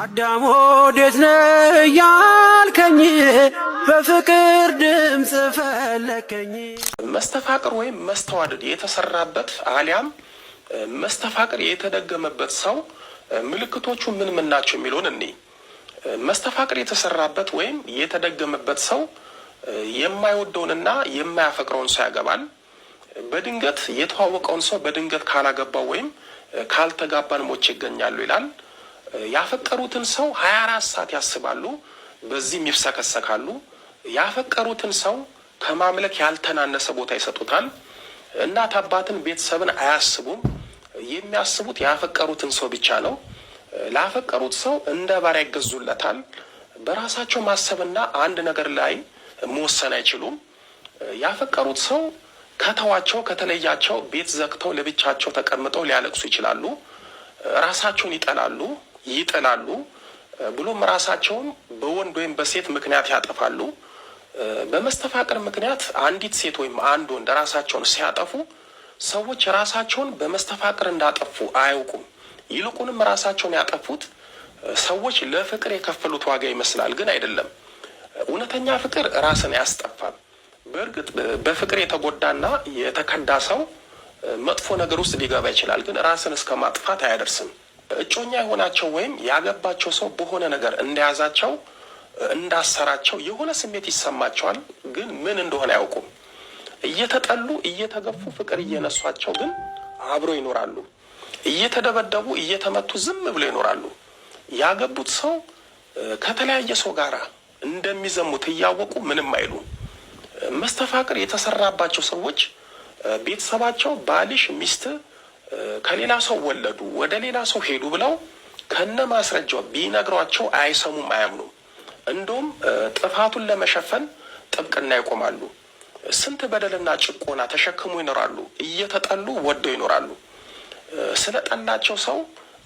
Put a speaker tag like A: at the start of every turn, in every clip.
A: አዳም ወዴት ነህ ያልከኝ በፍቅር ድምፅ ፈለከኝ።
B: መስተፋቅር ወይም መስተዋደድ የተሰራበት አሊያም መስተፋቅር የተደገመበት ሰው ምልክቶቹ ምን ምን ናቸው የሚለውን እኔ መስተፋቅር የተሰራበት ወይም የተደገመበት ሰው የማይወደውንና የማያፈቅረውን ሰው ያገባል። በድንገት የተዋወቀውን ሰው በድንገት ካላገባው ወይም ካልተጋባን ሞቼ ይገኛሉ ይላል። ያፈቀሩትን ሰው ሀያ አራት ሰዓት ያስባሉ፣ በዚህም ይፍሰከሰካሉ። ያፈቀሩትን ሰው ከማምለክ ያልተናነሰ ቦታ ይሰጡታል። እናት አባትን፣ ቤተሰብን አያስቡም። የሚያስቡት ያፈቀሩትን ሰው ብቻ ነው። ላፈቀሩት ሰው እንደ ባሪያ ይገዙለታል። በራሳቸው ማሰብና አንድ ነገር ላይ መወሰን አይችሉም። ያፈቀሩት ሰው ከተዋቸው ከተለያቸው ቤት ዘግተው ለብቻቸው ተቀምጠው ሊያለቅሱ ይችላሉ። ራሳቸውን ይጠላሉ። ይጥላሉ፣ ብሎም ራሳቸውን በወንድ ወይም በሴት ምክንያት ያጠፋሉ። በመስተፋቅር ምክንያት አንዲት ሴት ወይም አንድ ወንድ ራሳቸውን ሲያጠፉ ሰዎች ራሳቸውን በመስተፋቅር እንዳጠፉ አያውቁም። ይልቁንም ራሳቸውን ያጠፉት ሰዎች ለፍቅር የከፈሉት ዋጋ ይመስላል፣ ግን አይደለም። እውነተኛ ፍቅር ራስን ያስጠፋል። በእርግጥ በፍቅር የተጎዳና የተከዳ ሰው መጥፎ ነገር ውስጥ ሊገባ ይችላል፣ ግን ራስን እስከ ማጥፋት አያደርስም። እጮኛ የሆናቸው ወይም ያገባቸው ሰው በሆነ ነገር እንደያዛቸው እንዳሰራቸው የሆነ ስሜት ይሰማቸዋል፣ ግን ምን እንደሆነ አያውቁም። እየተጠሉ እየተገፉ ፍቅር እየነሷቸው ግን አብሮ ይኖራሉ። እየተደበደቡ እየተመቱ ዝም ብሎ ይኖራሉ። ያገቡት ሰው ከተለያየ ሰው ጋር እንደሚዘሙት እያወቁ ምንም አይሉ። መስተፋቅር የተሰራባቸው ሰዎች ቤተሰባቸው ባልሽ፣ ሚስት ከሌላ ሰው ወለዱ፣ ወደ ሌላ ሰው ሄዱ ብለው ከነ ማስረጃው ቢነግሯቸው አይሰሙም፣ አያምኑም። እንደውም ጥፋቱን ለመሸፈን ጥብቅና ይቆማሉ። ስንት በደልና ጭቆና ተሸክሞ ይኖራሉ። እየተጠሉ ወደው ይኖራሉ። ስለ ጠላቸው ሰው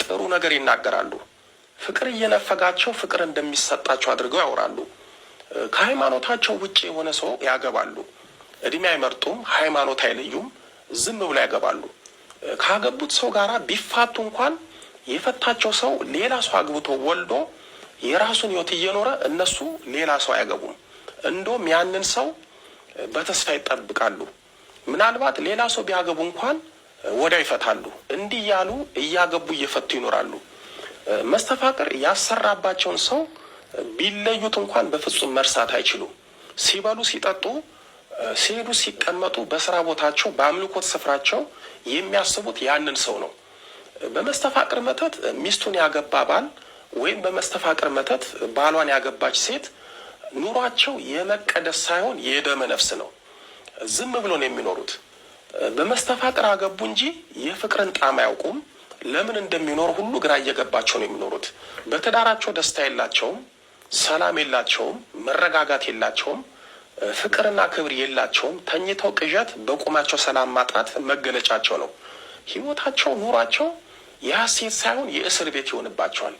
B: ጥሩ ነገር ይናገራሉ። ፍቅር እየነፈጋቸው ፍቅር እንደሚሰጣቸው አድርገው ያወራሉ። ከሃይማኖታቸው ውጭ የሆነ ሰው ያገባሉ። እድሜ አይመርጡም፣ ሃይማኖት አይለዩም፣ ዝም ብሎ ያገባሉ። ካገቡት ሰው ጋር ቢፋቱ እንኳን የፈታቸው ሰው ሌላ ሰው አግብቶ ወልዶ የራሱን ህይወት እየኖረ እነሱ ሌላ ሰው አያገቡም። እንደውም ያንን ሰው በተስፋ ይጠብቃሉ። ምናልባት ሌላ ሰው ቢያገቡ እንኳን ወዲያው ይፈታሉ። እንዲህ እያሉ እያገቡ እየፈቱ ይኖራሉ። መስተፋቅር ያሰራባቸውን ሰው ቢለዩት እንኳን በፍጹም መርሳት አይችሉም። ሲበሉ ሲጠጡ ሲሄዱ ሲቀመጡ፣ በስራ ቦታቸው፣ በአምልኮት ስፍራቸው የሚያስቡት ያንን ሰው ነው። በመስተፋቅር መተት ሚስቱን ያገባ ባል ወይም በመስተፋቅር መተት ባሏን ያገባች ሴት ኑሯቸው የመቀደስ ሳይሆን የደመ ነፍስ ነው። ዝም ብሎ ነው የሚኖሩት። በመስተፋቅር አገቡ እንጂ የፍቅርን ጣም አያውቁም። ለምን እንደሚኖር ሁሉ ግራ እየገባቸው ነው የሚኖሩት። በትዳራቸው ደስታ የላቸውም፣ ሰላም የላቸውም፣ መረጋጋት የላቸውም። ፍቅርና ክብር የላቸውም። ተኝተው ቅዠት፣ በቁማቸው ሰላም ማጣት መገለጫቸው ነው። ህይወታቸው፣ ኑሯቸው የሀሴት ሳይሆን የእስር ቤት ይሆንባቸዋል።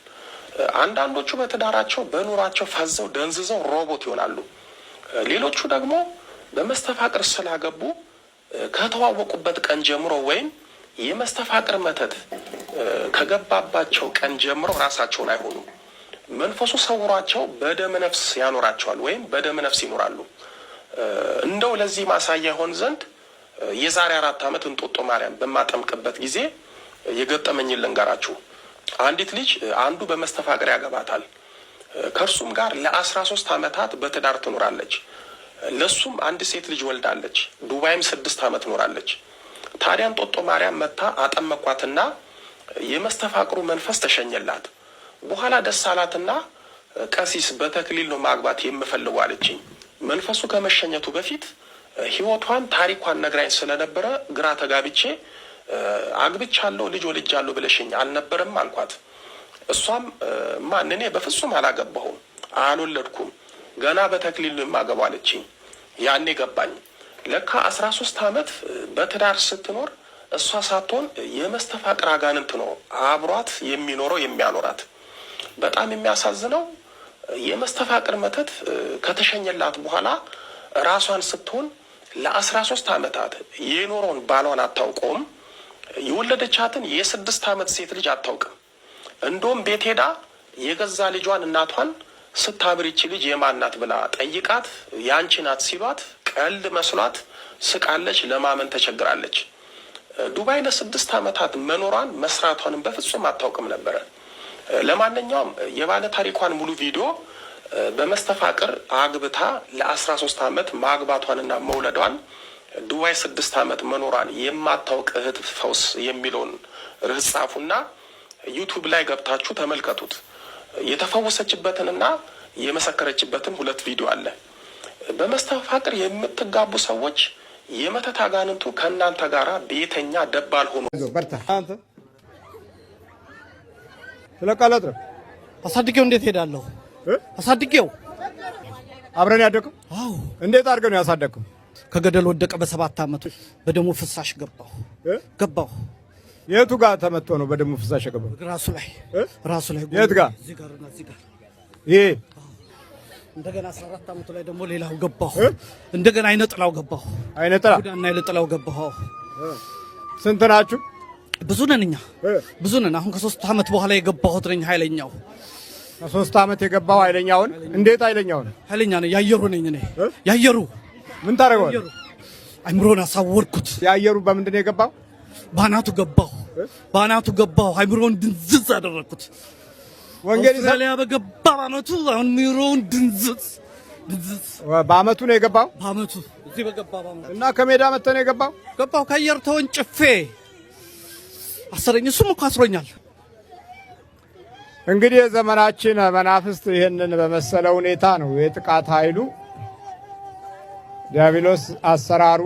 B: አንዳንዶቹ በትዳራቸው በኑሯቸው ፈዘው ደንዝዘው ሮቦት ይሆናሉ። ሌሎቹ ደግሞ በመስተፋቅር ስላገቡ ከተዋወቁበት ቀን ጀምሮ ወይም የመስተፋቅር መተት ከገባባቸው ቀን ጀምሮ ራሳቸውን አይሆኑም። መንፈሱ ሰውሯቸው በደመ ነፍስ ያኖራቸዋል ወይም በደመ ነፍስ ይኖራሉ። እንደው ለዚህ ማሳያ ይሆን ዘንድ የዛሬ አራት ዓመት እንጦጦ ማርያም በማጠምቅበት ጊዜ የገጠመኝን ልንገራችሁ። አንዲት ልጅ አንዱ በመስተፋቅር ያገባታል። ከእርሱም ጋር ለአስራ ሶስት ዓመታት በትዳር ትኖራለች። ለሱም አንድ ሴት ልጅ ወልዳለች። ዱባይም ስድስት ዓመት ኖራለች። ታዲያ እንጦጦ ማርያም መታ አጠመኳትና የመስተፋቅሩ መንፈስ ተሸኘላት። በኋላ ደስ አላትና ቀሲስ በተክሊል ነው ማግባት የምፈልጉ አለችኝ። መንፈሱ ከመሸኘቱ በፊት ህይወቷን ታሪኳን ነግራኝ ስለነበረ ግራ ተጋብቼ አግብቻለሁ ልጅ ወልጃለሁ ብለሽኝ አልነበረም አልኳት። እሷም ማን እኔ በፍጹም አላገባሁም አልወለድኩም ገና በተክሊል ማገባ አለችኝ። ያኔ ገባኝ ለካ አስራ ሶስት አመት በትዳር ስትኖር እሷ ሳትሆን የመስተፋቅር አጋንንት ነው አብሯት የሚኖረው የሚያኖራት። በጣም የሚያሳዝነው የመስተፋቅር መተት ከተሸኘላት በኋላ ራሷን ስትሆን ለአስራ ሶስት አመታት የኖረውን ባሏን አታውቀውም። የወለደቻትን የስድስት አመት ሴት ልጅ አታውቅም። እንደውም ቤት ሄዳ የገዛ ልጇን እናቷን ስታምር ልጅ የማናት ብላ ጠይቃት የአንቺ ናት ሲሏት ቀልድ መስሏት ስቃለች። ለማመን ተቸግራለች። ዱባይ ለስድስት አመታት መኖሯን መስራቷንም በፍጹም አታውቅም ነበረ። ለማንኛውም የባለ ታሪኳን ሙሉ ቪዲዮ በመስተፋቅር አግብታ ለአስራ ሶስት አመት ማግባቷንና መውለዷን ዱባይ ስድስት አመት መኖሯን የማታውቅ እህት ፈውስ የሚለውን ርዕስ ጻፉና ዩቱብ ላይ ገብታችሁ ተመልከቱት። የተፈወሰችበትንና የመሰከረችበትን ሁለት ቪዲዮ አለ። በመስተፋቅር የምትጋቡ ሰዎች የመተት አጋንንቱ ከእናንተ ጋር ቤተኛ ደባል ሆኖ
C: ስለቃላት
D: አሳድጌው እንዴት ሄዳለሁ? አሳድጌው
C: አብረን ያደግኩ። አዎ እንዴት አድርገህ ነው ያሳደግኩ?
D: ከገደል ወደቀ በሰባት ዓመቱ በደሙ ፍሳሽ ገባሁ ገባሁ።
C: የቱ ጋር ተመቶ ነው በደሙ ፍሳሽ ገባሁ? ራሱ ላይ ራሱ ላይ የት ጋር? ይሄ
D: እንደገና 14 ዓመቱ ላይ ደግሞ ሌላው ገባሁ። እንደገና አይነ ገባሁ። አይነ ጉዳና አይነ ገባሁ። ስንት ናችሁ? ብዙ ነን እኛ ብዙ ነን። አሁን ከሶስት ዓመት በኋላ የገባሁት ነኝ። ኃይለኛው
C: ከሶስት ዓመት የገባው ኃይለኛውን እንዴት ኃይለኛውን
D: ኃይለኛ ነኝ። ያየሩ ነኝ እኔ ያየሩ
C: ምን ታደርገዋለህ?
D: አይምሮን አሳወርኩት።
C: ያየሩ በምንድን ነው የገባው?
D: በአናቱ ገባሁ፣ በአናቱ ገባሁ። አይምሮን ድንዝዝ አደረግኩት።
C: ወንጌል ሰለያ በገባ በአመቱ አሁን ምሮውን ድንዝዝ ድንዝዝ በአመቱ ነው የገባው። በአመቱ እዚህ በገባ በአመቱ እና ከሜዳ መጥተህ ነው የገባው?
D: ገባሁ ከአየር ተወንጭፌ አሰረኝ። እሱም እኮ አስሮኛል።
E: እንግዲህ የዘመናችን መናፍስት ይህንን በመሰለ ሁኔታ ነው የጥቃት ኃይሉ ዲያብሎስ አሰራሩ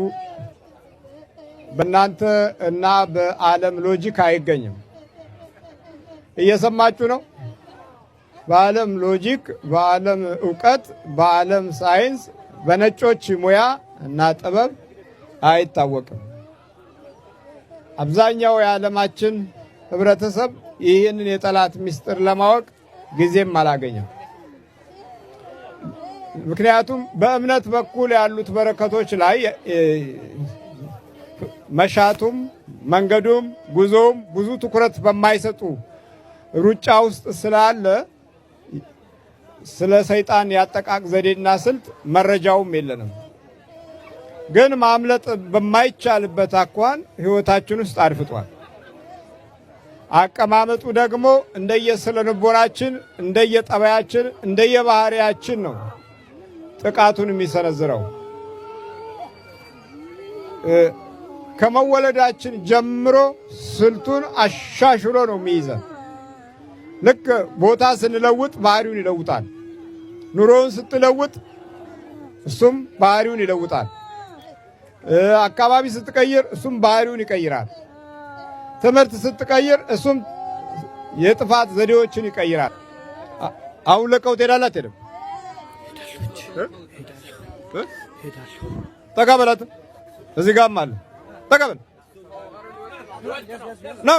E: በእናንተ እና በዓለም ሎጂክ አይገኝም። እየሰማችሁ ነው። በዓለም ሎጂክ፣ በዓለም እውቀት፣ በዓለም ሳይንስ፣ በነጮች ሙያ እና ጥበብ አይታወቅም። አብዛኛው የዓለማችን ህብረተሰብ ይህንን የጠላት ምስጢር ለማወቅ ጊዜም አላገኘም። ምክንያቱም በእምነት በኩል ያሉት በረከቶች ላይ መሻቱም መንገዱም ጉዞውም ብዙ ትኩረት በማይሰጡ ሩጫ ውስጥ ስላለ ስለ ሰይጣን ያጠቃቅ ዘዴና ስልት መረጃውም የለንም። ግን ማምለጥ በማይቻልበት አኳን ህይወታችን ውስጥ አድፍጧል። አቀማመጡ ደግሞ እንደየስለንቦናችን፣ እንደየጠባያችን፣ እንደየባህሪያችን ነው ጥቃቱን የሚሰነዝረው። ከመወለዳችን ጀምሮ ስልቱን አሻሽሎ ነው የሚይዘን። ልክ ቦታ ስንለውጥ ባህሪውን ይለውጣል። ኑሮውን ስትለውጥ እሱም ባህሪውን ይለውጣል። አካባቢ ስትቀይር እሱም ባህሪውን ይቀይራል። ትምህርት ስትቀይር እሱም የጥፋት ዘዴዎችን ይቀይራል። አሁን ለቀው ትሄዳላት ሄደም
C: ተቀበላት። እዚህ ጋር አለ ተቀበል ነው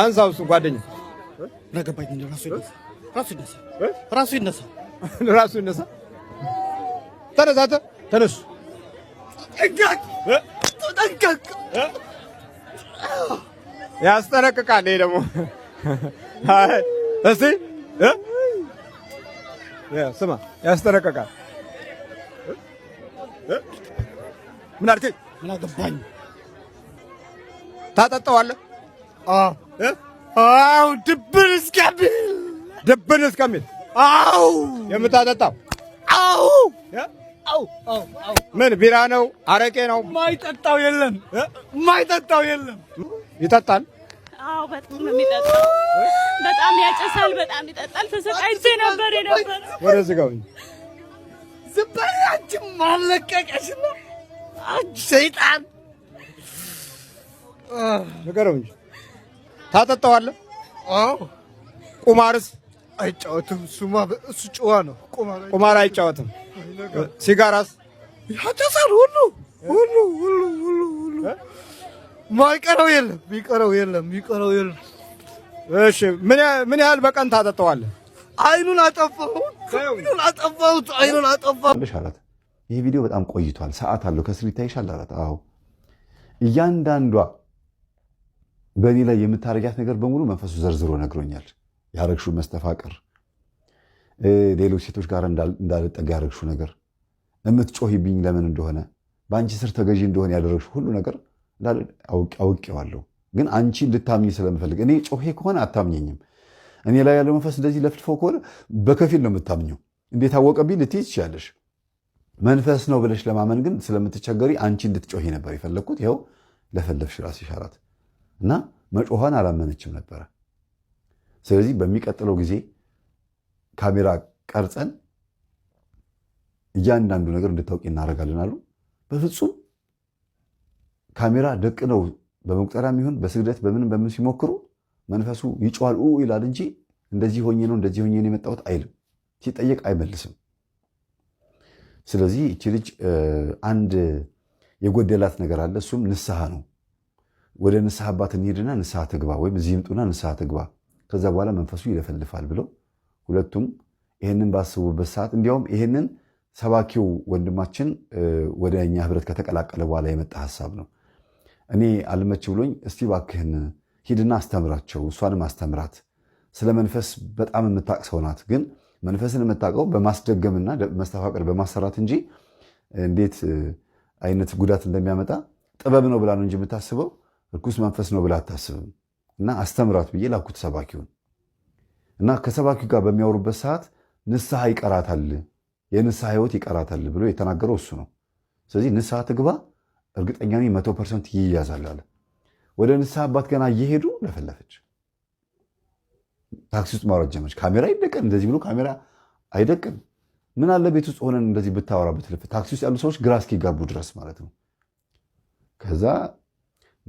C: አንሳው እሱ ጓደኛ
D: ነገባኝ ራሱ ይነሳ ራሱ ይነሳ
C: ራሱ ይነሳ ተነሳተ ተነሱ። ያስጠነቅቃል። ይሄ ደግሞ እስቲ ስማ፣ ያስጠነቅቃል። ምን አልከኝ? ምን አገባኝ? ታጠጣዋለህ? አዎ፣ ድብን እስከሚል ድብን እስከሚል። አዎ፣ የምታጠጣው አዎ ምን ቢራ ነው አረቄ ነው
D: ማይጠጣው የለም፣ ማይጠጣው የለም።
C: ይጠጣል።
F: አዎ በጣም ነው የሚጠጣው። በጣም ያጨሳል፣ በጣም ይጠጣል። ተሰቃይቼ ነበር የነበረ
C: ወደዚህ ጋር
D: አንቺ ማለቀቀሽ ነው አንቺ ሰይጣን።
C: ነገረው እንጂ ታጠጣዋለህ? አዎ። ቁማርስ
D: አይጫወትም። እሱማ እሱ ጭዋ ነው።
C: ቁማር አይጫወትም። ሲጋራስ
D: ያጨሳል። ሁሉ ሁሉ ሁሉ ሁሉ ሁሉ ማይቀረው የለም ሚቀረው የለም ሚቀረው የለም።
C: እሺ ምን ምን ያህል በቀን ታጠጣዋለህ?
D: አይኑን አጠፋሁት፣ አይኑን አጠፋሁት፣ አይኑን አጠፋሁት
G: አላት ይህ ቪዲዮ በጣም ቆይቷል፣ ሰዓት አለው ከስር ይታይሻል አላት። አዎ እያንዳንዷ በእኔ ላይ የምታረጊያት ነገር በሙሉ መንፈሱ ዘርዝሮ ነግሮኛል። ያረግሹ መስተፋቅር ሌሎች ሴቶች ጋር እንዳልጠጋ ያደረግሽው ነገር፣ የምትጮሂብኝ ለምን እንደሆነ፣ በአንቺ ስር ተገዢ እንደሆነ ያደረግሽው ሁሉ ነገር አውቄዋለሁ። ግን አንቺ እንድታምኝ ስለምፈልግ እኔ ጮሄ ከሆነ አታምኘኝም። እኔ ላይ ያለው መንፈስ እንደዚህ ለፍልፎ ከሆነ በከፊል ነው የምታምኘው። እንዴት አወቀብኝ ልትይ ትችያለሽ። መንፈስ ነው ብለሽ ለማመን ግን ስለምትቸገሪ አንቺ እንድትጮሂ ነበር የፈለግኩት። ይኸው ለፈለፍሽ ራስሽ አላት እና መጮኋን አላመነችም ነበረ። ስለዚህ በሚቀጥለው ጊዜ ካሜራ ቀርጸን እያንዳንዱ ነገር እንድታውቂ እናደርጋለን አሉ። በፍጹም ካሜራ ደቅ ነው በመቁጠሪያ ሆን በስግደት በምን በምን ሲሞክሩ መንፈሱ ይጮዋል ይላል እንጂ እንደዚህ ሆኜ ነው እንደዚህ ሆኜ ነው የመጣሁት አይልም። ሲጠየቅ አይመልስም። ስለዚህ እቺ ልጅ አንድ የጎደላት ነገር አለ። እሱም ንስሐ ነው። ወደ ንስሐ አባት እንሄድና ንስሐ ትግባ ወይም እዚህ ይምጡና ንስሐ ትግባ፣ ከዛ በኋላ መንፈሱ ይለፈልፋል ብለው ሁለቱም ይህንን ባስቡበት ሰዓት እንዲያውም ይህንን ሰባኪው ወንድማችን ወደ እኛ ህብረት ከተቀላቀለ በኋላ የመጣ ሀሳብ ነው። እኔ አልመች ብሎኝ እስቲ ባክህን ሂድና አስተምራቸው፣ እሷንም አስተምራት። ስለ መንፈስ በጣም የምታቅ ሰው ናት። ግን መንፈስን የምታውቀው በማስደገምና መስተፋቀር በማሰራት እንጂ እንዴት አይነት ጉዳት እንደሚያመጣ ጥበብ ነው ብላ ነው እንጂ የምታስበው ርኩስ መንፈስ ነው ብላ አታስብም። እና አስተምራት ብዬ ላኩት ሰባኪውን እና ከሰባኪው ጋር በሚያወሩበት ሰዓት ንስሐ ይቀራታል፣ የንስሐ ህይወት ይቀራታል ብሎ የተናገረው እሱ ነው። ስለዚህ ንስሐ ትግባ፣ እርግጠኛ መቶ ፐርሰንት ይያዛል አለ። ወደ ንስሐ አባት ገና እየሄዱ ለፈለፈች ታክሲ ውስጥ ማውራት ጀመረች። ካሜራ ይደቀን እንደዚህ ብሎ ካሜራ አይደቅን። ምን አለ ቤት ውስጥ ሆነን እንደዚህ ብታወራ ብትልፍ፣ ታክሲ ውስጥ ያሉ ሰዎች ግራ እስኪጋቡ ድረስ ማለት ነው። ከዛ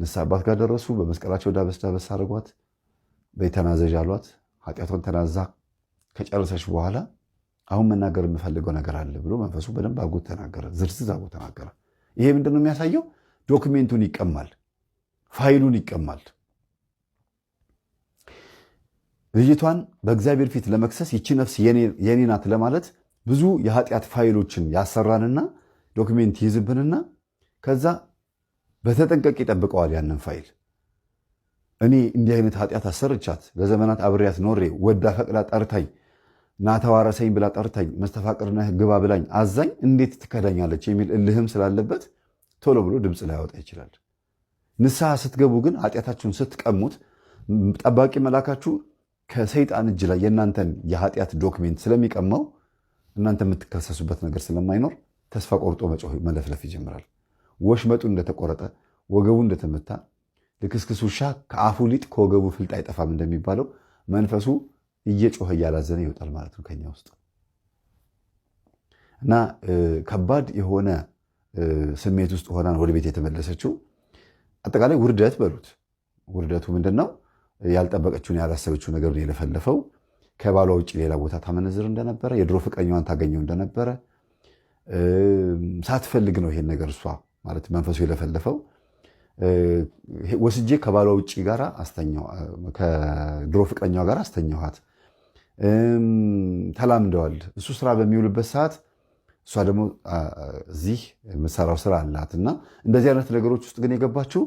G: ንስሐ አባት ጋር ደረሱ። በመስቀላቸው ዳበስ ዳበስ አድርጓት በይተናዘዥ አሏት። ኃጢአቷን ተናዛ ከጨረሰች በኋላ አሁን መናገር የምፈልገው ነገር አለ ብሎ መንፈሱ በደንብ አጎ ተናገረ፣ ዝርዝር አጎ ተናገረ። ይሄ ምንድነው ነው የሚያሳየው? ዶክሜንቱን ይቀማል፣ ፋይሉን ይቀማል። ልጅቷን በእግዚአብሔር ፊት ለመክሰስ ይቺ ነፍስ የኔ ናት ለማለት ብዙ የኃጢአት ፋይሎችን ያሰራንና ዶክሜንት ይይዝብንና ከዛ በተጠንቀቅ ይጠብቀዋል ያንን ፋይል እኔ እንዲህ አይነት ኃጢአት አሰርቻት ለዘመናት አብሬያት ኖሬ ወዳ ፈቅዳ ጠርታኝ ናተዋረሰኝ ብላ ጠርታኝ መስተፋቅርነህ ግባ ብላኝ አዛኝ እንዴት ትከዳኛለች የሚል እልህም ስላለበት ቶሎ ብሎ ድምፅ ላያወጣ ይችላል። ንስሐ ስትገቡ ግን ኃጢአታችሁን ስትቀሙት ጠባቂ መላካችሁ ከሰይጣን እጅ ላይ የእናንተን የኃጢአት ዶክሜንት ስለሚቀማው እናንተ የምትከሰሱበት ነገር ስለማይኖር ተስፋ ቆርጦ መጮህ መለፍለፍ ይጀምራል። ወሽመጡ እንደተቆረጠ ወገቡ እንደተመታ ልክስክስ ውሻ ከአፉ ሊጥ ከወገቡ ፍልጥ አይጠፋም እንደሚባለው መንፈሱ እየጮኸ እያላዘነ ይወጣል ማለት ነው ከኛ ውስጥ እና ከባድ የሆነ ስሜት ውስጥ ሆና ወደ ቤት የተመለሰችው። አጠቃላይ ውርደት በሉት። ውርደቱ ምንድን ነው? ያልጠበቀችውን ያላሰበችው ነገሩን የለፈለፈው ከባሏ ውጭ ሌላ ቦታ ታመነዝር እንደነበረ፣ የድሮ ፍቅረኛዋን ታገኘው እንደነበረ ሳትፈልግ ነው ይሄን ነገር እሷ ማለት መንፈሱ የለፈለፈው ወስጄ ከባሏ ውጭ ጋር ከድሮ ፍቅረኛዋ ጋር አስተኛኋት። ተላምደዋል። እሱ ስራ በሚውልበት ሰዓት እሷ ደግሞ እዚህ የምትሰራው ስራ አላት እና እንደዚህ አይነት ነገሮች ውስጥ ግን የገባችው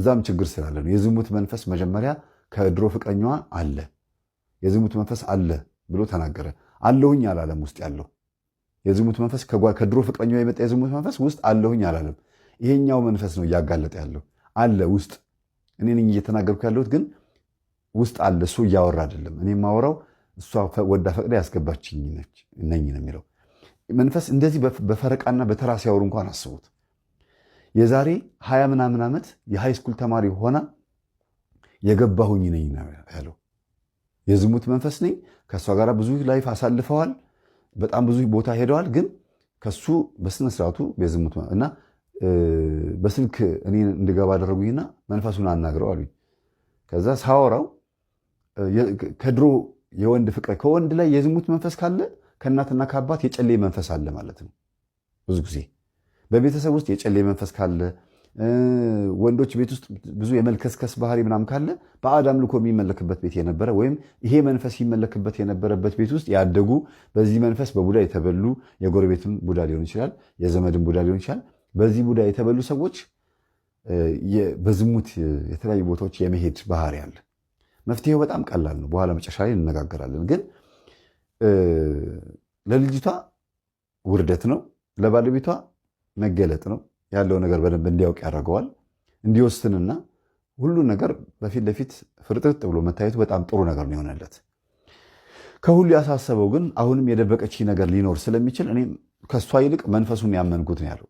G: እዛም ችግር ስላለ ነው። የዝሙት መንፈስ መጀመሪያ ከድሮ ፍቅረኛዋ አለ። የዝሙት መንፈስ አለ ብሎ ተናገረ። አለሁኝ አላለም። ውስጥ ያለው የዝሙት መንፈስ ከድሮ ፍቅረኛዋ የመጣ የዝሙት መንፈስ ውስጥ አለሁኝ አላለም። ይሄኛው መንፈስ ነው እያጋለጠ ያለው አለ ውስጥ። እኔ ነኝ እየተናገርኩ ያለሁት ግን ውስጥ አለ። እሱ እያወራ አይደለም። እኔ የማወራው እሷ ወዳ ፈቅዳ ያስገባችኝ ነኝ ነው የሚለው መንፈስ። እንደዚህ በፈረቃና በተራ ሲያወሩ እንኳን አስቡት። የዛሬ ሀያ ምናምን ዓመት የሃይስኩል ተማሪ ሆና የገባሁኝ ነኝ ነው ያለው። የዝሙት መንፈስ ነኝ። ከእሷ ጋር ብዙ ላይፍ አሳልፈዋል። በጣም ብዙ ቦታ ሄደዋል። ግን ከሱ በስነስርዓቱ የዝሙት እና በስልክ እኔ እንድገባ አደረጉኝና መንፈሱን አናግረው አሉኝ። ከዛ ሳወራው ከድሮ የወንድ ፍቅር ከወንድ ላይ የዝሙት መንፈስ ካለ ከእናትና ከአባት የጨሌ መንፈስ አለ ማለት ነው። ብዙ ጊዜ በቤተሰብ ውስጥ የጨሌ መንፈስ ካለ ወንዶች ቤት ውስጥ ብዙ የመልከስከስ ባህሪ ምናም ካለ በአዳም ልኮ የሚመለክበት ቤት የነበረ ወይም ይሄ መንፈስ ይመለክበት የነበረበት ቤት ውስጥ ያደጉ በዚህ መንፈስ በቡዳ የተበሉ የጎረቤትም ቡዳ ሊሆን ይችላል፣ የዘመድም ቡዳ ሊሆን ይችላል በዚህ ቡዳ የተበሉ ሰዎች በዝሙት የተለያዩ ቦታዎች የመሄድ ባህሪ አለ። መፍትሄው በጣም ቀላል ነው። በኋላ መጨረሻ ላይ እንነጋገራለን። ግን ለልጅቷ ውርደት ነው፣ ለባለቤቷ መገለጥ ነው። ያለው ነገር በደንብ እንዲያውቅ ያደርገዋል። እንዲወስንና ሁሉ ነገር በፊት ለፊት ፍርጥርጥ ብሎ መታየቱ በጣም ጥሩ ነገር ነው የሆነለት። ከሁሉ ያሳሰበው ግን አሁንም የደበቀች ነገር ሊኖር ስለሚችል እኔም ከእሷ ይልቅ መንፈሱን ያመንኩት ነው ያለው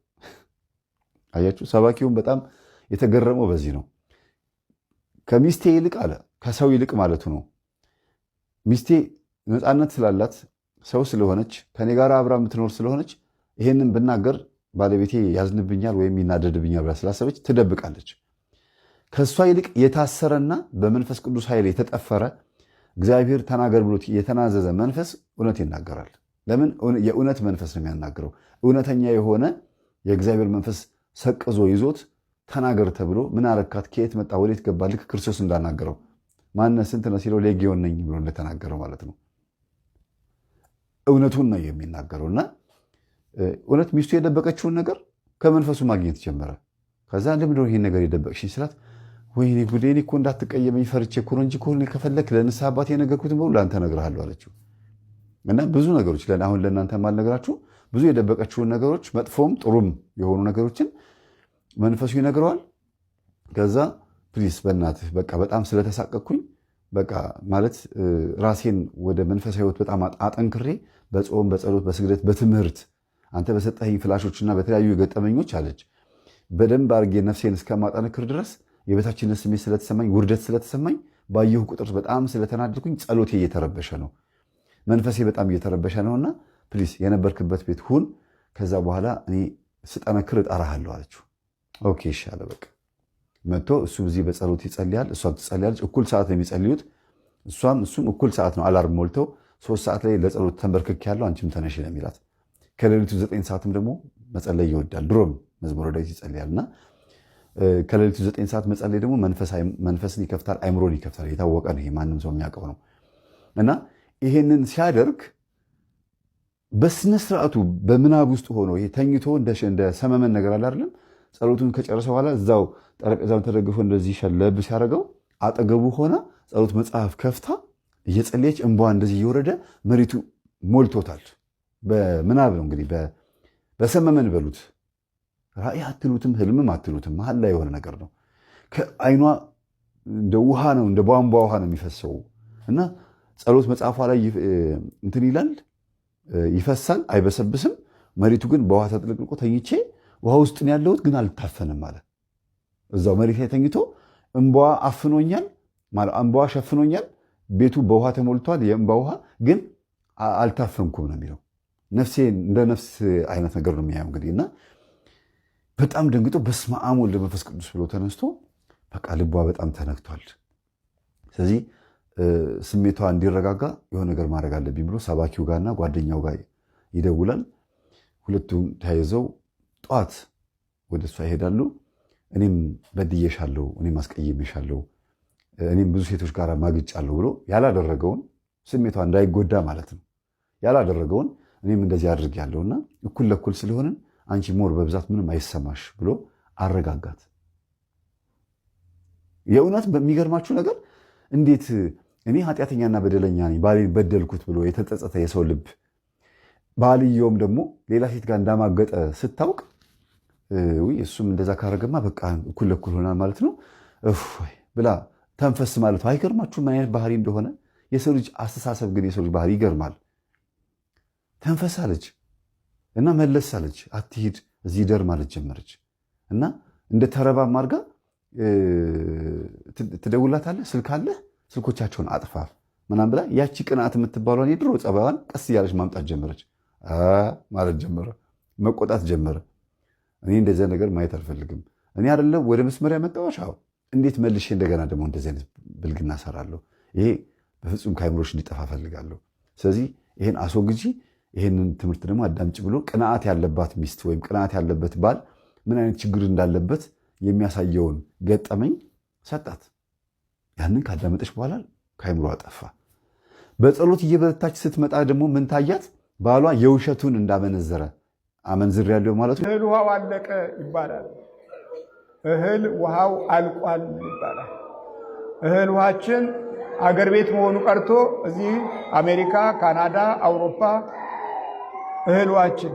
G: አያችሁ፣ ሰባኪውን በጣም የተገረመው በዚህ ነው። ከሚስቴ ይልቅ አለ ከሰው ይልቅ ማለቱ ነው። ሚስቴ ነፃነት ስላላት ሰው ስለሆነች ከኔ ጋር አብራ የምትኖር ስለሆነች ይሄንን ብናገር ባለቤቴ ያዝንብኛል ወይም ይናደድብኛል ብላ ስላሰበች ትደብቃለች። ከእሷ ይልቅ የታሰረና በመንፈስ ቅዱስ ኃይል የተጠፈረ እግዚአብሔር ተናገር ብሎት የተናዘዘ መንፈስ እውነት ይናገራል። ለምን? የእውነት መንፈስ ነው የሚያናግረው። እውነተኛ የሆነ የእግዚአብሔር መንፈስ ሰቅዞ ይዞት ተናገር ተብሎ ምን አረካት፣ ከየት መጣ፣ ወዴት ገባ፣ ልክ ክርስቶስ እንዳናገረው ማነ ስንት ነው ሲለው ሌጊዮን ነኝ ብሎ እንደተናገረው ማለት ነው። እውነቱን ነው የሚናገረው እና እውነት ሚስቱ የደበቀችውን ነገር ከመንፈሱ ማግኘት ጀመረ። ከዛ ለምንድነው ይህን ነገር የደበቅሽኝ ስላት ወይኔ ጉዴ እኔ እኮ እንዳትቀየመኝ ፈርቼ እኮ ነው እንጂ ከሆነ ከፈለክ ለንስሐ አባት የነገርኩትን በሁሉ ለአንተ እነግርሃለሁ አለችው። እና ብዙ ነገሮች አሁን ለእናንተ ማልነግራችሁ ብዙ የደበቀችውን ነገሮች መጥፎም ጥሩም የሆኑ ነገሮችን መንፈሱ ይነግረዋል። ከዛ ፕሊስ በእናትህ በቃ በጣም ስለተሳቀኩኝ በቃ ማለት ራሴን ወደ መንፈሳዊ ህይወት በጣም አጠንክሬ በጾም በጸሎት በስግደት በትምህርት አንተ በሰጠኝ ፍላሾችና በተለያዩ ገጠመኞች አለች በደንብ አድርጌ ነፍሴን እስከማጠንክር ድረስ የበታችነት ስሜት ስለተሰማኝ ውርደት ስለተሰማኝ ባየሁ ቁጥር በጣም ስለተናደድኩኝ ጸሎቴ እየተረበሸ ነው፣ መንፈሴ በጣም እየተረበሸ ነውና ፕሊስ የነበርክበት ቤት ሁን፣ ከዛ በኋላ እኔ ስጠነክር እጠራሃለሁ አለችው። ኦኬ ይሻለ በቃ መጥቶ እሱ እዚህ በጸሎት ይጸልያል፣ እሷም ትጸልያለች። እኩል ሰዓት ነው የሚጸልዩት። እሷም እሱም እኩል ሰዓት ነው አላርም ሞልተው ሶስት ሰዓት ላይ ለጸሎት ተንበርክክ ያለው አንቺም ተነሽ ነው የሚላት። ከሌሊቱ ዘጠኝ ሰዓትም ደግሞ መጸለይ ይወዳል። ድሮም መዝሙረ ዳዊት ይጸልያል እና ከሌሊቱ ዘጠኝ ሰዓት መጸለይ ደግሞ መንፈስን ይከፍታል፣ አይምሮን ይከፍታል። የታወቀ ነው፣ ማንም ሰው የሚያውቀው ነው እና ይሄንን ሲያደርግ በስነ ስርዓቱ በምናብ ውስጥ ሆኖ ተኝቶ እንደ ሰመመን ነገር አለ አይደለም። ጸሎቱን ከጨረሰ በኋላ እዛው ጠረጴዛውን ተደግፎ እንደዚህ ሸለብ ሲያደርገው አጠገቡ ሆና ጸሎት መጽሐፍ ከፍታ እየጸለየች እንቧ እንደዚህ እየወረደ መሬቱ ሞልቶታል። በምናብ ነው እንግዲህ በሰመመን በሉት ራእይ አትሉትም ህልምም አትሉትም መሀል ላይ የሆነ ነገር ነው። ከአይኗ እንደ ውሃ ነው እንደ ቧንቧ ውሃ ነው የሚፈሰው እና ጸሎት መጽሐፏ ላይ እንትን ይላል ይፈሳል፣ አይበሰብስም። መሬቱ ግን በውሃ ተጥለቅልቆ ተኝቼ ውሃ ውስጥ ያለሁት፣ ግን አልታፈንም አለ። እዛው መሬት ላይ ተኝቶ እንባዋ አፍኖኛል፣ እንባዋ ሸፍኖኛል። ቤቱ በውሃ ተሞልቷል፣ የእንባ ውሃ ግን አልታፈንኩም ነው የሚለው። ነፍሴ እንደ ነፍስ አይነት ነገር ነው የሚያየው እንግዲህ እና በጣም ደንግጦ በስመ አብ መንፈስ ቅዱስ ብሎ ተነስቶ በቃ ልቧ በጣም ተነክቷል። ስለዚህ ስሜቷ እንዲረጋጋ የሆነ ነገር ማድረግ አለብኝ ብሎ ሰባኪው ጋርና ጓደኛው ጋር ይደውላል። ሁለቱም ተያይዘው ጠዋት ወደ እሷ ይሄዳሉ። እኔም በድዬሻለሁ፣ እኔም አስቀይሜሻለሁ፣ እኔም ብዙ ሴቶች ጋር ማግጫለሁ ብሎ ያላደረገውን ስሜቷ እንዳይጎዳ ማለት ነው ያላደረገውን እኔም እንደዚህ አድርጌያለሁ እና እኩል ለእኩል ስለሆንን አንቺ ሞር በብዛት ምንም አይሰማሽ ብሎ አረጋጋት። የእውነት በሚገርማችሁ ነገር እንዴት እኔ ኃጢአተኛና በደለኛ ነኝ ባሌን በደልኩት ብሎ የተጸጸተ የሰው ልብ ባልየውም ደግሞ ሌላ ሴት ጋር እንዳማገጠ ስታውቅ እሱም እንደዛ ካረገማ በቃ እኩል ለኩል ሆናል ማለት ነው ብላ ተንፈስ ማለት ነው። አይገርማችሁ ምን አይነት ባህሪ እንደሆነ የሰው ልጅ አስተሳሰብ ግን የሰው ልጅ ባህሪ ይገርማል። ተንፈስ አለች እና መለስ አለች፣ አትሂድ እዚህ ደር ማለት ጀመረች እና እንደ ተረባ አድርጋ ትደውላታለህ፣ ስልክ አለህ ስልኮቻቸውን አጥፋ ምናም ብላ ያቺ ቅንዓት የምትባለውን የድሮ ጸባዋን ቀስ እያለች ማምጣት ጀመረች፣ ማለት ጀመረ፣ መቆጣት ጀመረ። እኔ እንደዚያ ነገር ማየት አልፈልግም። እኔ አይደለም ወደ መስመር ያመጣሁሽ። አዎ፣ እንዴት መልሼ እንደገና ደግሞ እንደዚ አይነት ብልግና ሰራለሁ? ይሄ በፍጹም ከአይምሮች እንዲጠፋ ፈልጋለሁ። ስለዚህ ይሄን አስወግጂ፣ ይሄንን ትምህርት ደግሞ አዳምጭ ብሎ ቅንዓት ያለባት ሚስት ወይም ቅንዓት ያለበት ባል ምን አይነት ችግር እንዳለበት የሚያሳየውን ገጠመኝ ሰጣት። ያንን ካዳመጠች በኋላ ከአይምሮ አጠፋ። በጸሎት እየበረታች ስትመጣ ደግሞ ምን ታያት? ባሏ የውሸቱን እንዳመነዘረ አመንዝር ያለው ማለቱ
H: እህል ውሃው አለቀ ይባላል። እህል ውሃው አልቋል ይባላል። እህል ውሃችን አገር ቤት መሆኑ ቀርቶ እዚህ አሜሪካ፣ ካናዳ፣ አውሮፓ እህል ውሃችን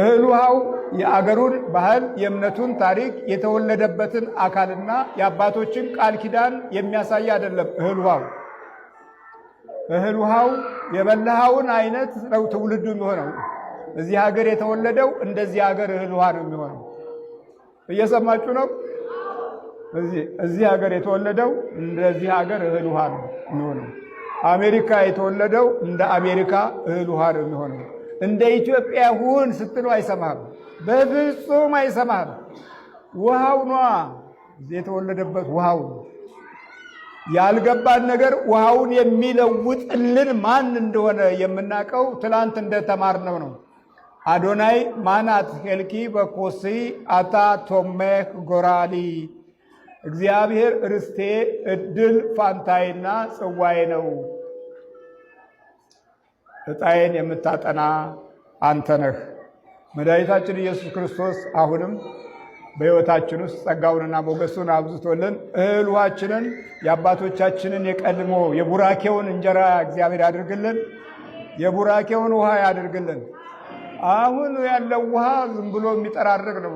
H: እህል ውሃው የአገሩን ባህል፣ የእምነቱን ታሪክ፣ የተወለደበትን አካልና የአባቶችን ቃል ኪዳን የሚያሳይ አይደለም። እህል ውሃው እህል ውሃው የበላኸውን አይነት ነው ትውልዱ የሚሆነው። እዚህ ሀገር የተወለደው እንደዚህ ሀገር እህል ውሃ ነው የሚሆነው። እየሰማችሁ ነው። እዚህ ሀገር የተወለደው እንደዚህ ሀገር እህል ውሃ ነው የሚሆነው። አሜሪካ የተወለደው እንደ አሜሪካ እህል ውሃ ነው የሚሆነው። እንደ ኢትዮጵያ ሁን ስትሉ አይሰማም፣ በፍጹም አይሰማም። ውሃው ኗ የተወለደበት ውሃው ያልገባን ነገር ውሃውን የሚለውጥልን ማን እንደሆነ የምናውቀው ትላንት እንደተማርነው ነው። አዶናይ ማናት ሄልኪ በኮሲ አታ ቶሜህ ጎራሊ እግዚአብሔር ርስቴ፣ እድል፣ ፋንታይና ጽዋዬ ነው። ዕጣዬን የምታጠና አንተ ነህ። መድኃኒታችን ኢየሱስ ክርስቶስ አሁንም በሕይወታችን ውስጥ ጸጋውንና ሞገሱን አብዝቶልን እህል ውሃችንን የአባቶቻችንን የቀድሞ የቡራኬውን እንጀራ እግዚአብሔር ያድርግልን፣ የቡራኬውን ውሃ ያድርግልን። አሁን ያለው ውሃ ዝም ብሎ የሚጠራርቅ ነው።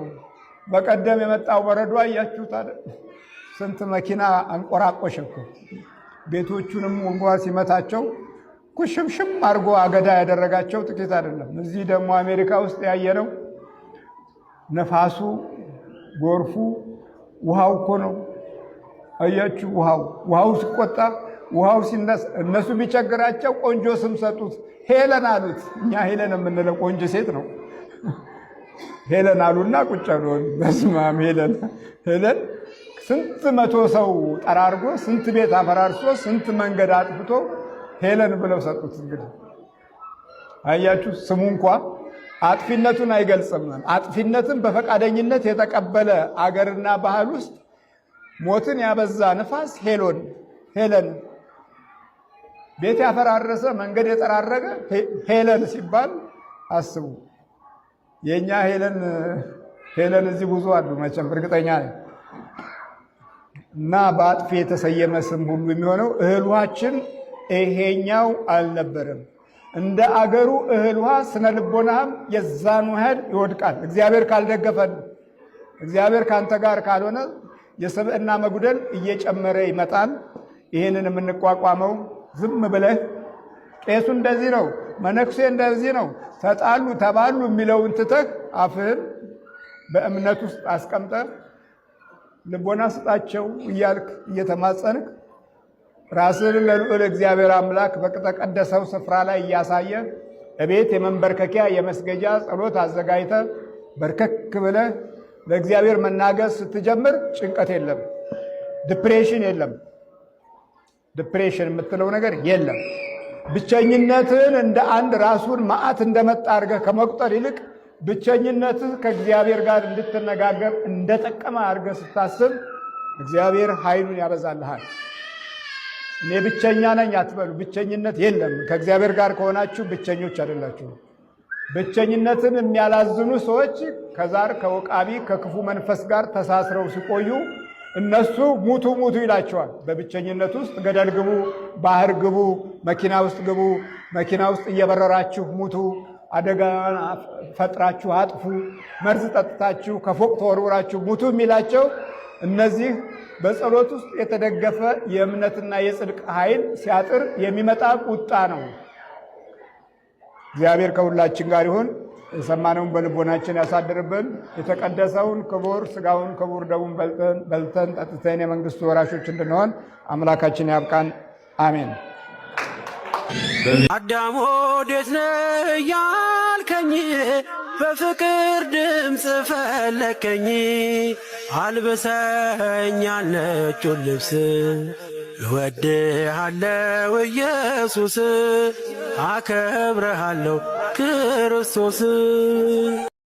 H: በቀደም የመጣው በረዶ አያችሁት አይደል? ስንት መኪና አንቆራቆሸ እኮ ቤቶቹንም ውንጓ ሲመታቸው ኩሽምሽም አድርጎ አገዳ ያደረጋቸው ጥቂት አይደለም። እዚህ ደግሞ አሜሪካ ውስጥ ያየነው ነፋሱ፣ ጎርፉ፣ ውሃው እኮ ነው። አያችሁ፣ ውሃው ውሃው ሲቆጣ ውሃው ሲነስ እነሱ የሚቸግራቸው ቆንጆ ስም ሰጡት። ሄለን አሉት። እኛ ሄለን የምንለው ቆንጆ ሴት ነው። ሄለን አሉና ቁጭ አሉ። በስማም ሄለን ሄለን ስንት መቶ ሰው ጠራርጎ ስንት ቤት አፈራርሶ ስንት መንገድ አጥፍቶ ሄለን ብለው ሰጡት። እንግዲህ አያችሁ ስሙ እንኳ አጥፊነቱን አይገልጽም። አጥፊነትን በፈቃደኝነት የተቀበለ አገርና ባህል ውስጥ ሞትን ያበዛ ንፋስ ሄሎን ሄለን፣ ቤት ያፈራረሰ መንገድ የጠራረገ ሄለን ሲባል አስቡ። የእኛ ሄለን ሄለን እዚህ ብዙ አሉ መቼም እርግጠኛ ነኝ። እና በአጥፊ የተሰየመ ስም ሁሉ የሚሆነው እህሏችን ይሄኛው አልነበረም። እንደ አገሩ እህል ውሃ ስነ ልቦናህም የዛኑ ያህል ይወድቃል። እግዚአብሔር ካልደገፈን፣ እግዚአብሔር ከአንተ ጋር ካልሆነ የሰብዕና መጉደል እየጨመረ ይመጣል። ይህንን የምንቋቋመው ዝም ብለህ ቄሱ እንደዚህ ነው፣ መነኩሴ እንደዚህ ነው፣ ተጣሉ ተባሉ የሚለውን ትተህ አፍህን በእምነት ውስጥ አስቀምጠህ ልቦና ስጣቸው እያልክ እየተማጸንክ ራስን ለልዑል እግዚአብሔር አምላክ በተቀደሰው ስፍራ ላይ እያሳየ እቤት የመንበርከኪያ የመስገጃ ጸሎት አዘጋጅተ በርከክ ብለ ለእግዚአብሔር መናገር ስትጀምር ጭንቀት የለም፣ ዲፕሬሽን የለም፣ ዲፕሬሽን የምትለው ነገር የለም። ብቸኝነትን እንደ አንድ ራሱን መዓት እንደመጣ አድርገህ ከመቁጠር ይልቅ ብቸኝነትህ ከእግዚአብሔር ጋር እንድትነጋገር እንደጠቀመ አድርገህ ስታስብ እግዚአብሔር ኃይሉን ያበዛልሃል። እኔ ብቸኛ ነኝ አትበሉ። ብቸኝነት የለም። ከእግዚአብሔር ጋር ከሆናችሁ ብቸኞች አይደላችሁ። ብቸኝነትን የሚያላዝኑ ሰዎች ከዛር ከወቃቢ ከክፉ መንፈስ ጋር ተሳስረው ሲቆዩ እነሱ ሙቱ ሙቱ ይላቸዋል። በብቸኝነት ውስጥ ገደል ግቡ፣ ባህር ግቡ፣ መኪና ውስጥ ግቡ፣ መኪና ውስጥ እየበረራችሁ ሙቱ፣ አደጋ ፈጥራችሁ አጥፉ፣ መርዝ ጠጥታችሁ ከፎቅ ተወርውራችሁ ሙቱ የሚላቸው እነዚህ በጸሎት ውስጥ የተደገፈ የእምነትና የጽድቅ ኃይል ሲያጥር የሚመጣ ቁጣ ነው። እግዚአብሔር ከሁላችን ጋር ይሁን። የሰማነውን በልቦናችን ያሳድርብን። የተቀደሰውን ክቡር ስጋውን ክቡር ደሙን በልተን ጠጥተን የመንግስቱ ወራሾች እንድንሆን አምላካችን ያብቃን። አሜን። አዳም ወዴት ነህ ያልከኝ በፍቅር ድምፅ ፈለከኝ አልብሰኛል ልብስ እወድሃለው ኢየሱስ አከብረሃለው ክርስቶስ